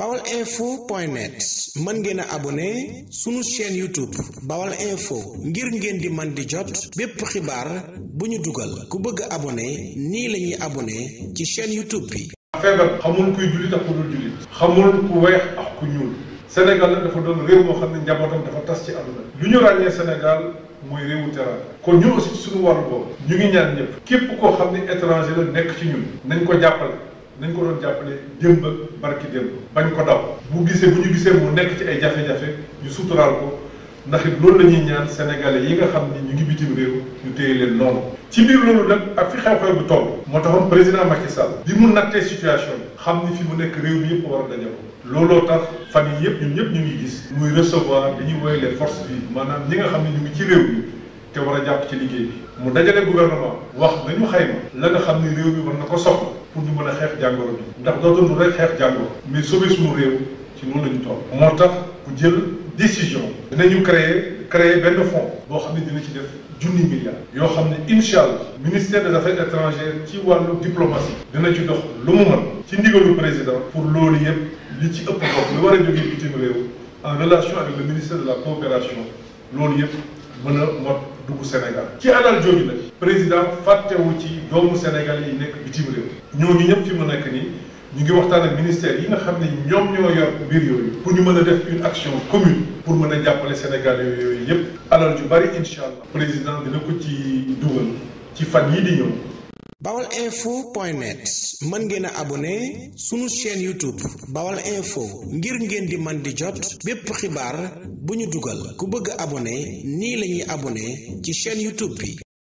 bawal info point net mën ngeen a abonné sunu chaîne youtube bawal info ngir ngeen di man di jot bépp xibaar bu ñu dugal ku bëgg abone nii lañuy ñuy ci chaîne youtube bi feebar xamul kuy jullit ak ku dul jullit xamul ku weex ak ku ñuul sénégal nag dafa doon réew moo xam ne njabootam dafa tas ci àdduna lu ñu ràññee sénégal mooy réewu teranga kon ñu aussi suñu wàllu boobu ñu ngi ñaan ñëpp képp koo xam ne étranger la nekk ci ñun nañ ko jàppale nañ ko doon jàppale démb ak barki démb bañ ko daw bu gisee bu ñu gisee mu nekk ci ay jafe-jafe ñu suturaal ko ndax it loolu la ñuy ñaan sénégalais yi nga xam ni ñu ngi bitim réew ñu téye leen noonu ci biir loolu nag ak fi xew-xew bu toll moo taxoon président Macky Sall bi mu nattee situation bi xam ni fi mu nekk réew mi yëpp war a daje ko looloo tax fan yi yëpp ñun ñëpp ñu ngi gis muy recevoir dañuy woowee les forces vives maanaam ñi nga xam ne ñu ngi ci réew mi te war a jàpp ci liggéey bi mu dajale gouvernement wax nañu xayma la nga xam ni réew mi war na ko soxla pour ñu mën a xeex jàngoro bi ndax doo doon rek xeex jàngoro mais sauver réew ci loolu la ñu moo tax ku jël décision dinañu créer créer benn fonds boo xam ne dina ci def junni milliards yoo xam ne incha allah ministère des affaires étrangères ci wàllu diplomatie dina ci dox lu mu mën ci ndigalu président pour loolu yëpp li ci ëpp bopp lu war a jógee bitim réew en relation avec le ministère de la coopération loolu yëpp mën a mot duggu Sénégal ci alal jooju nag président fàttewu ci doomu Sénégal yi nekk bitim réew ñooñu ñëpp fi mu nekk nii ñu ngi waxtaan ak ministère yi nga xam ne ñoom ñoo yor mbir yooyu pour ñu mën a def une action commune pour mën a jàppale Sénégal yooyu yëpp alal ju bari incha allah président dina ko ci dugal ci fan yi di ñëw bawal info point net mën ngeen a abonné sunu chaîne youtube bawal info ngir ngeen di man di jot bépp xibaar bu ñu dugal ku bëgg abonné nii lañuy abone ci chaîne youtube bi